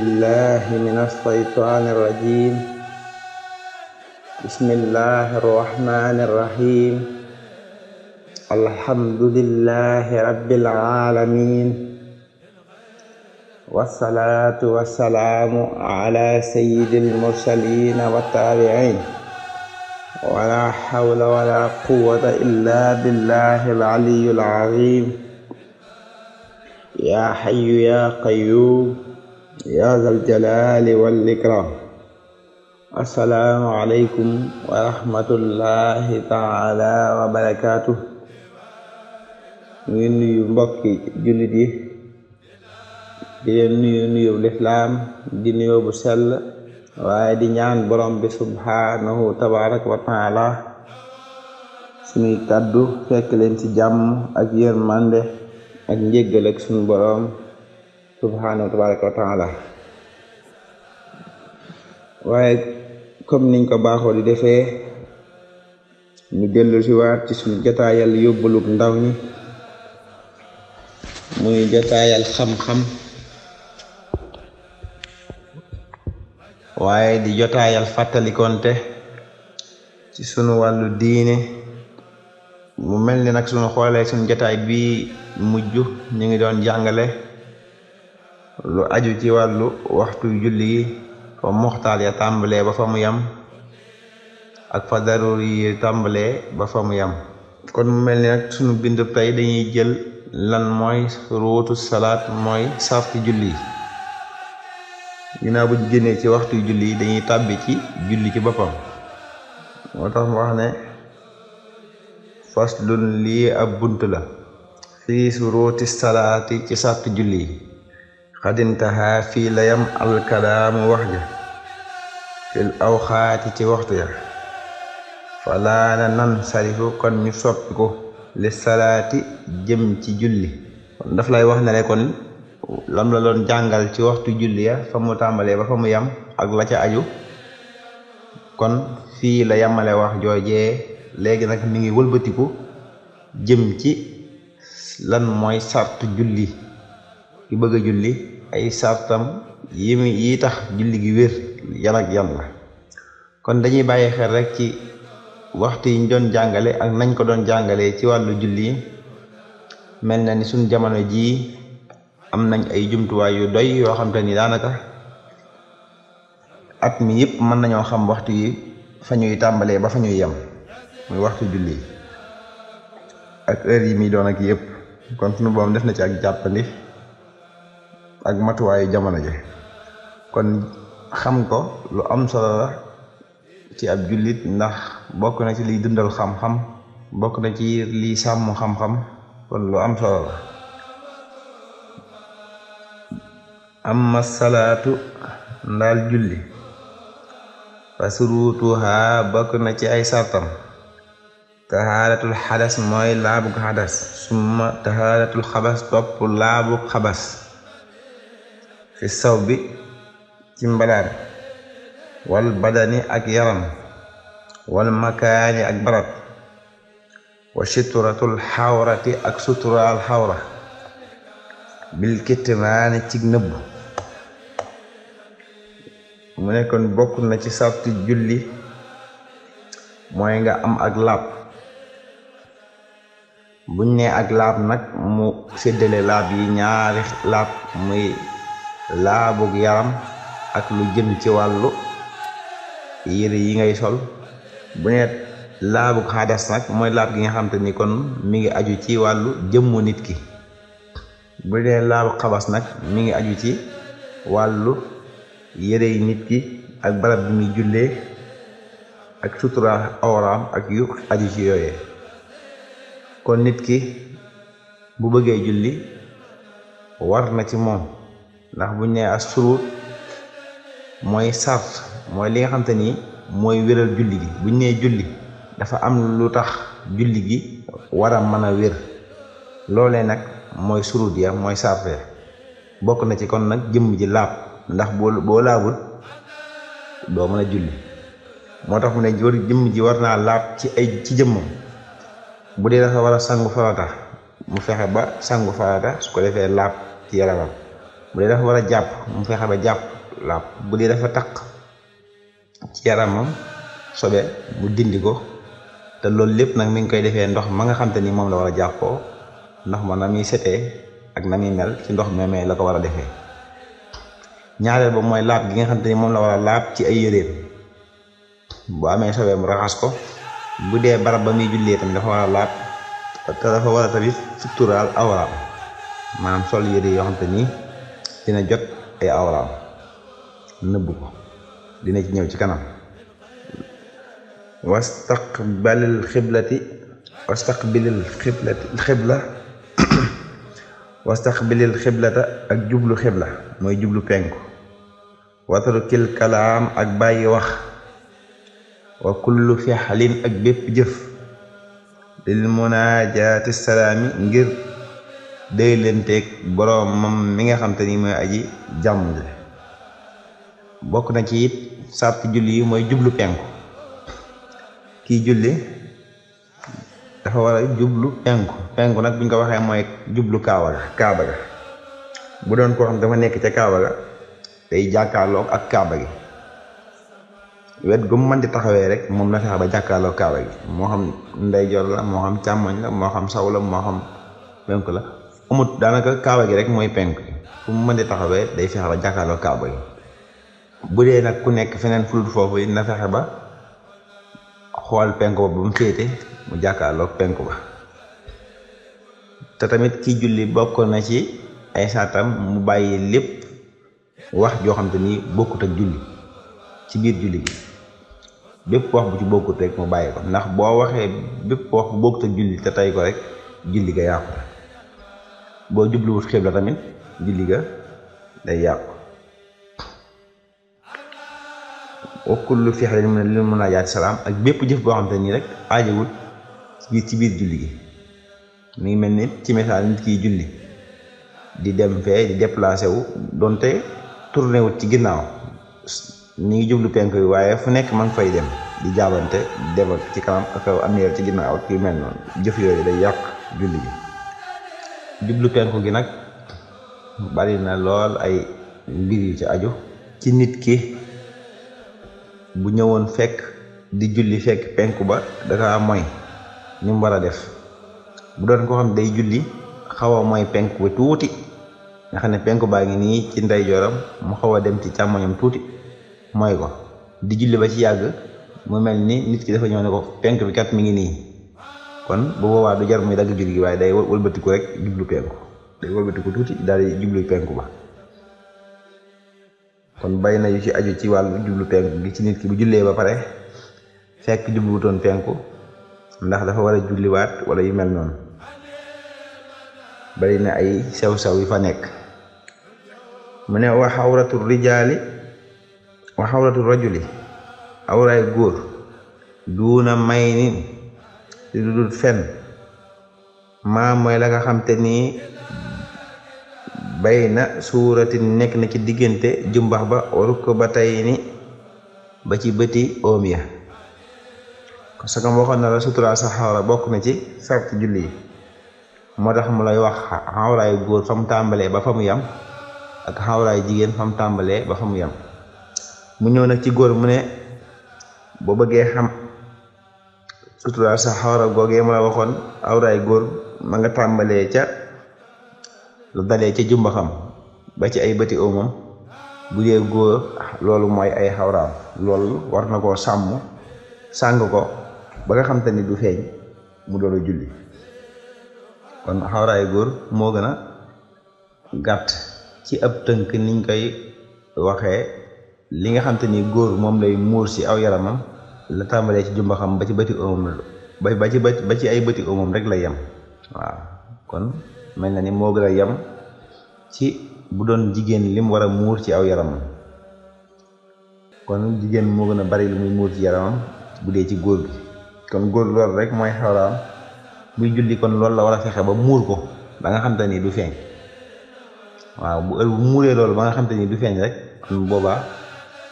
بالله من الشيطان الرجيم بسم الله الرحمن الرحيم الحمد لله رب العالمين والصلاة والسلام على سيد المرسلين والتابعين ولا حول ولا قوة إلا بالله العلي العظيم يا حي يا قيوم yaa zal jalaali wal ikram assalaamu aleykum wa rahmatullahi taala wa nuyu mbokki jullit di nuyu nuyu lislaam di nuyu bu sell waaye di ñaan borom bi subhaanahu tabaraka wa taala suñuy kàddu fekk leen ci jàmm ak yërmande ak njéggal ak suñu borom subhaanahu wa tabaraka wa taala waaye comme niñ ko baaxoo di defee ñu dellu si waat ci suñu jotaayal yóbbalug ndaw ñi muy jotaayal xam-xam waaye di jotaayal fàttalikonte ci sunu wàllu diine mu mel ni nag sunu xoolee suñu jotaay bi mujj ñu ngi doon jàngale lu aju ci wàllu waxtu julli yi fa muxtaar ya tàmbalee ba fa mu yam ak fa daruri yi tàmbalee ba fa mu yam kon mu mel ni nag sunu bind pay dañuy jël lan mooy ruutu salaat yi bu génnee ci waxtu dañuy tàbbi ci julli ci boppam moo ab bunt la fii su ci sarti julli yi xadintahaa fii la yam alkalaamu wax ja fil awxaati ci waxtu ya falaana nan sarifu kon ñu soppi ko salaati jëm ci julli kon daf lay wax ne rek kon lam la doon jàngal ci waxtu julli ya fa tàmbalee ba fa mu yam ak la ca aju kon fii la yamale wax joojee léegi nag mi ngi wëlbatiku jëm ci lan mooy sartu julli ki bëgg a julli ay sartam yi yi tax julli gi wér yan ak yan la kon dañuy bàyyi xel rekk ci waxtu yi doon jàngale ak nañ ko doon jàngalee ci wàllu julli mel na ni suñ jamono jii am nañ ay jumtuwaay yu doy yoo xam te ni daanaka at mi mën nañoo xam waxtu yi fa ñuy tàmbalee ba fa ñuy yem muy waxtu julli ak heure yi muy doon ak yëpp kon suñu boom def na ci ak jàppandi ak matuwaayu jamono ji kon xam ko lu am solo la ci ab jullit ndax bokk na ci liy dundal xam-xam bokk na ci liy sàmm xam-xam kon lu am solo la amma salaatu ndaal julli fa surutuha bokk na ci ay sartam tahaaratul xadas mooy laabug xadas summa tahaaratul xabas topp laabug xabas fi saw bi ci mbalaar wal badani ak yaram wal makaani ak barab wa suturatul xawrati ak suturaal xawra bil kitmaani ci nëbbu mu nekkoon bokk na ci sarti julli mooy nga am ak laab buñ ne ak laab nag mu séddale laab yi ñaari laab muy laabu yaram ak lu jëm ci wàllu yére yi ngay sol bu ne laabug xaadas nag mooy laab gi nga xam ni kon mu ngi aju ci wàllu jëmmu nit ki bu dee laabu xabas nag mi ngi aju ci wàllu yére yi nit ki ak barab bi muy jullee ak sutura awraam ak yu aju ci yooyee kon nit ki bu bëggee julli war na ci moom ndax buñ nee as surut mooy sart mooy li nga xam te ni mooy wéral julli gi buñ nee julli dafa am lu tax julli gi war a mën a wér loole nag mooy surut ya mooy sart ya bokk na ci kon nag jëmm ji laab ndax boo boo laabul doo mën a julli moo tax mu ne war jëmm ji war naa laab ci ay ci jëmmam bu dee dafa war a sangu farata mu fexe ba sangu farata su ko defee laab ci yaramam bu dee dafa war a jàpp mu fexe ba jàpp laab bu dee dafa taq ci yaramam sobe mu dindi ko te loolu lépp nag mi ngi koy defee ndox ma nga xam te ni moom la war a jàppoo ndox ma na muy setee ak na muy mel ci ndox meemee la ko war a defee ñaareel ba mooy laab gi nga xam te ni moom la war a laab ci ay yëreem boo amee sobe mu raxas ko bu dee barab ba muy jullee tamit dafa war a laab te dafa war a tamit suturaal awraam maanaam sol yëre yoo xam dina jot ay awraam nëbb ko dina ci ñëw ci kanam wastaqbalil xiblati wastaqbilil xiblati xibla wastaqbilil xiblata ak jublu xibla mooy jublu penku watarukil kalaam ak bàyyi wax wa kullu fixlin ak bépp jëf lil munaajaati salaami ngir day lenteeg boroomam mi nga xam te ni mooy aji jàmm ji bokk na ci it sàrt julli yi mooy jublu penku kii julli dafa war a jublu penku penku nag buñ ko waxee mooy jublu kaawa ga kaaba ga bu doon koo xam dafa nekk ca kaaba ga day jàkkaarloog ak kaaba gi wet gu mu mën di taxawee rek moom la fexe ba jàkkaarloo kaaba gi moo xam ndeyjoor la moo xam càmmoñ la moo xam saw la moo xam penku la amut daanaka kaaba gi rek mooy penk fu mu mënee taxawee day fexe ba jàkkaarloo kaaba gi bu dee nag ku nekk feneen fulut foofu it na fexe ba xool penku ba ba mu féete mu jàkkaarlook penku ba te tamit ki julli bokkoon na ci ay saatam mu bàyyi lépp wax joo xam te ni bokkut ak julli ci biir julli gi bépp wax bu ci bokkut rek mu bàyyi ko ndax boo waxee bépp wax bu bokkut ak julli te tey ko rek julli ga boo jubluwut xibla tamit julli ga day yàq wa kullu fixlin mu ne lil munaajaati salaam ak bépp jëf boo xam te nii rek aajowul ci ci biir julli gi mi ngi mel ni ci misaal nit kiy julli di dem fee di déplacé wu donte tourné wut ci ginnaaw mi ngi jublu penk bi waaye fu nekk man fay dem di jaabante dem ak ci kanam ak am ci ginnaaw ak yu mel noonu jëf yooyu day yàq julli gi jublu penku gi nag bari na lool ay mbir yu ci aju ci nit ki bu ñëwoon fekk di julli fekk penku ba dafa mooy ni mu war a def bu doon koo xam day julli xaw a mooy penku ba tuuti nga xam ne penku baa ngi nii ci ndeyjooram mu xaw a dem ci càmmoñam tuuti mooy ko di julli ba ci yàgg mu mel ni nit ki dafa ñëw ne ko penk bi kat mi ngi nii kon bu boobaa du jar muy dagg julli gi waaye day wëlbatiku rek jublu penku day wëlbatiku tuuti daal jublu penku ba kon bay na ci aju ci wàllu jublu penku ci nit bu jullee ba pare fekk jubluwutoon penku ndax dafa war a julliwaat wala yu mel noonu bari na ay sew-sew yu fa nekk mu ne li xawratu rijaali wa xawratu rajuli awraay góor duuna may nin li lu dul fen maa mooy la nga xam te nii bay na suuratin nekk na ci diggante jumbax ba waruk ko ba tey ni ba ci bëti oom ya parce que waxoon na la sutura sa xawra bokk na ci sart julli yi moo tax mu lay wax xawraayu góor fa tàmbalee ba fa mu yam ak xawraayu jigéen fa mu tàmbalee ba fa mu yam mu ñëw nag ci góor mu ne boo bëggee xam surtout daal sa xawra googee ma la waxoon awraay góor ma nga tàmbalee ca lu dalee ca jumba ba ci ay bëti óomam bu dee góor loolu mooy ay xawraam loolu war na koo sàmm sàng ko ba nga xam ni du feeñ mu doolu julli kon xawraay góor moo gën a gàtt ci ab tënk niñ koy waxee li nga xam ni góor moom lay muur ci aw yaramam la tàmbalee ci jumba xam ba ci bëti oomam ba ba ci ba ci ay bëti oomam rek la yem waaw kon mel na ni moo gën a yem ci bu doon jigéen lim war a muur ci aw yaramam kon jigéen moo gën a bari lu muy muur ci yaramam bu dee ci góor gi kon góor loolu rek mooy xawraam buy julli kon loolu la war a fexe ba muur ko ba nga xam te du feeñ waaw bu ël bu muuree loolu ba nga xam te ni du feeñ rek boobaa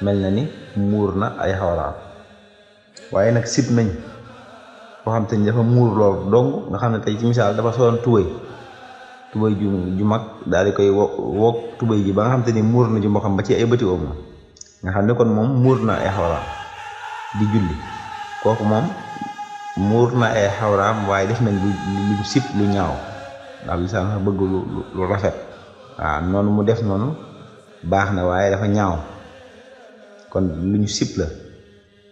mel na ni muur na ay xawraam waaye nag sib nañ koo xam te ni dafa muur loolu dong nga xam ne tey ci misaal dafa soloon tubéy tubéy ju mag daal di koy wo woog tubéy ji ba nga xam ni muur na ci mboxam ba ci ay bëti oom xam ne kon moom muur na ay xawraam di julli kooku moom muur na ay xawraam waaye def nañ lu sib lu ñaaw ndax lislaam sax bëgg lu lu rafet waaw noonu mu def noonu baax na waaye dafa ñaaw kon lu ñu la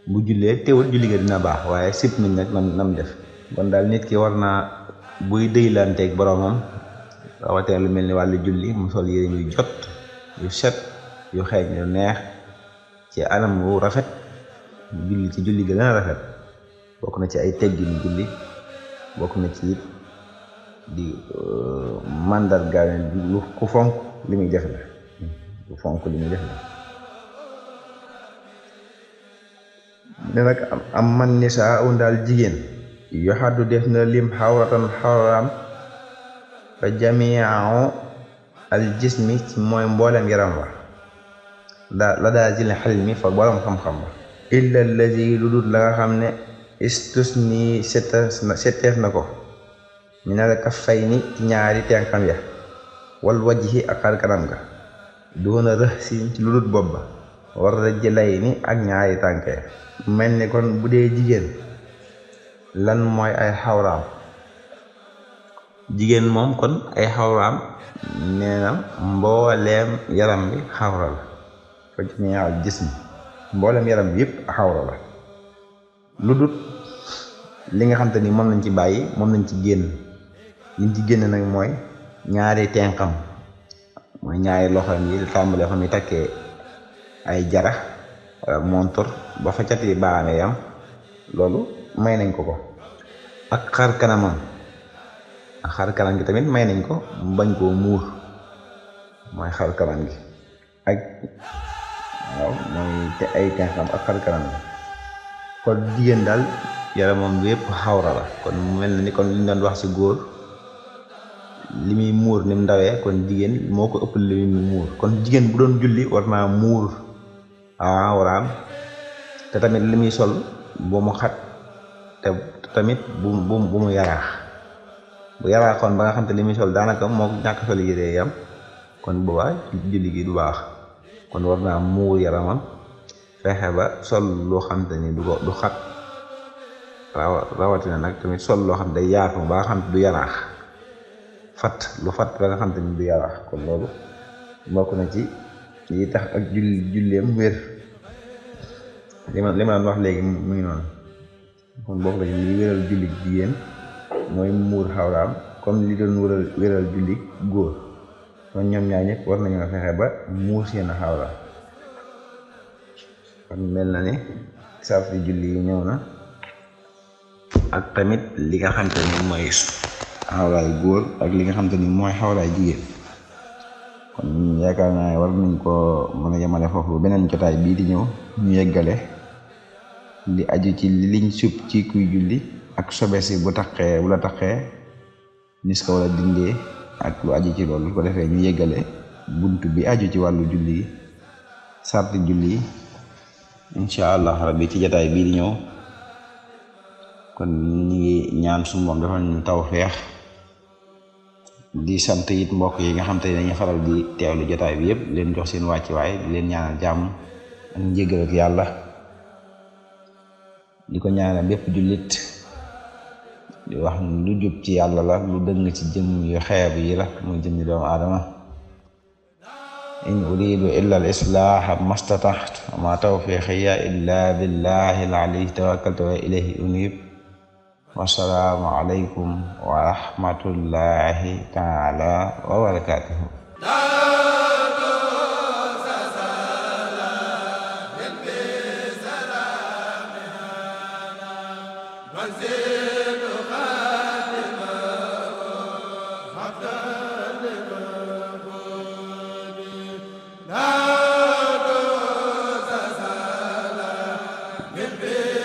bu jullee teewul julli ga dina baax waaye sib nañ nag nam nam def kon daal nit ki war naa buy dëylanteeg boroomam rawatina lu mel ni wàll julli mu sol yére yu jot yu set yu xeeñ yu neex ci anam wu rafet julli ci julli gën a rafet bokk na ci ay teggin julli bokk na ci it di euh, màndargaal lu ku fonk li muy def la ku hmm, fonk li muy def la ne nag am man nisaa un daal jigéen yoxaddu def na lim xawratan xawraam fa jamiau al ci mooy mboolem yaram wa da la daa jil xel mi fa borom xam-xam ba illa allazi lu dul la xam ne istusni setteef na ko minal ni ci ñaari tenkam ya wal wajhi ak xar kanam ga doona rëx si lu dul bopp ba war jëlay ni ak ñaari tànke mel ni kon bu dee jigéen lan mooy ay xawraam jigéen moom kon ay xawraam nee na mbooleem yaram bi xawra la fa jamial jism mbooleem yaram bi yëpp xawra la lu dut li nga xam te ni mën nañ ci bàyyi mën nañ ci génn liñ ci génn nag mooy ñaari tenqam mooy ñaari loxoom yi tàmbalee fa muy takkee ay jara montor ba fa cati baaraame yam loolu may nañ ko ko ak xar kanamam xar kanam gi tamit may nañ ko bañ koo muur mooy xar kanam gi ak waaw mooy te ay tànkam ak xar kanam kon jigéen daal yaramam bi yëpp xawra la kon mu mel na ni kon li ñu doon wax ci góor li muy muur ni ndawee kon jigéen moo ko ëpp li muur kon jigéen bu doon julli war naa muur awraam ah, te tamit li muy sol bu mu xat te tamit bu bu bu mu yaraax bu yaraaxoon ba nga xam te li muy sol daanaka moo ñàkk sol yére yam kon boobaa julli gi du baax kon war naa muur yaramam fexe ba sol loo xam te ni du xat rawatina nag tamit sol loo xam te day yaatu ba nga xam te du yaraax fat lu fat ba nga xam te ni du yaraax kon loolu bokk na ci yi tax ak julli julleem wér li ma li ma daan wax léegi mu ngi noonu kon bokk na ci li wéral julli jigéen mooy muur xawraam comme li doon wéral wéral julli góor kon ñoom ñaar ñëpp war nañoo fexe ba muur seen xawraam mel na ne sarti julli yi ñëw na ak tamit li nga xamta ni mooy xawraay góor ak li nga xam ni mooy xawraay jigéen kon yaakaar naa ne war nañ koo mën a yemale foofu beneen jotaay bii di ñëw ñu yeggale li aju ci liñ sub ci kuy julli ak sobe bu taqee bu la taqee nis ko a dindee ak lu aju ci loolu ko defee ñu yeggale bunt bi aju ci wàllu julli sarti julli incha allah rabbi ci jotaay bii ñëw kon ngi ñaan suñu moom dafa ñu taw tawfeex di sant it mbokk yi nga xam te ne dañuy faral di teewlu jotaay bi yëpp leen jox seen ci waay leen ñaanal jàmm ak njëgal yàlla di ko ñaanal bépp jullit di wax lu ci yàlla la lu dëng ci jëm yu xeeb yi la muy jëm doomu aadama in uridu illa al islaaha mastataxt ma tawfiqiya illa billahi al alayhi tawakkaltu wa ilayhi unib wassalaamu aleykum wa rahmatullahi taala wa barakatuhu Bébé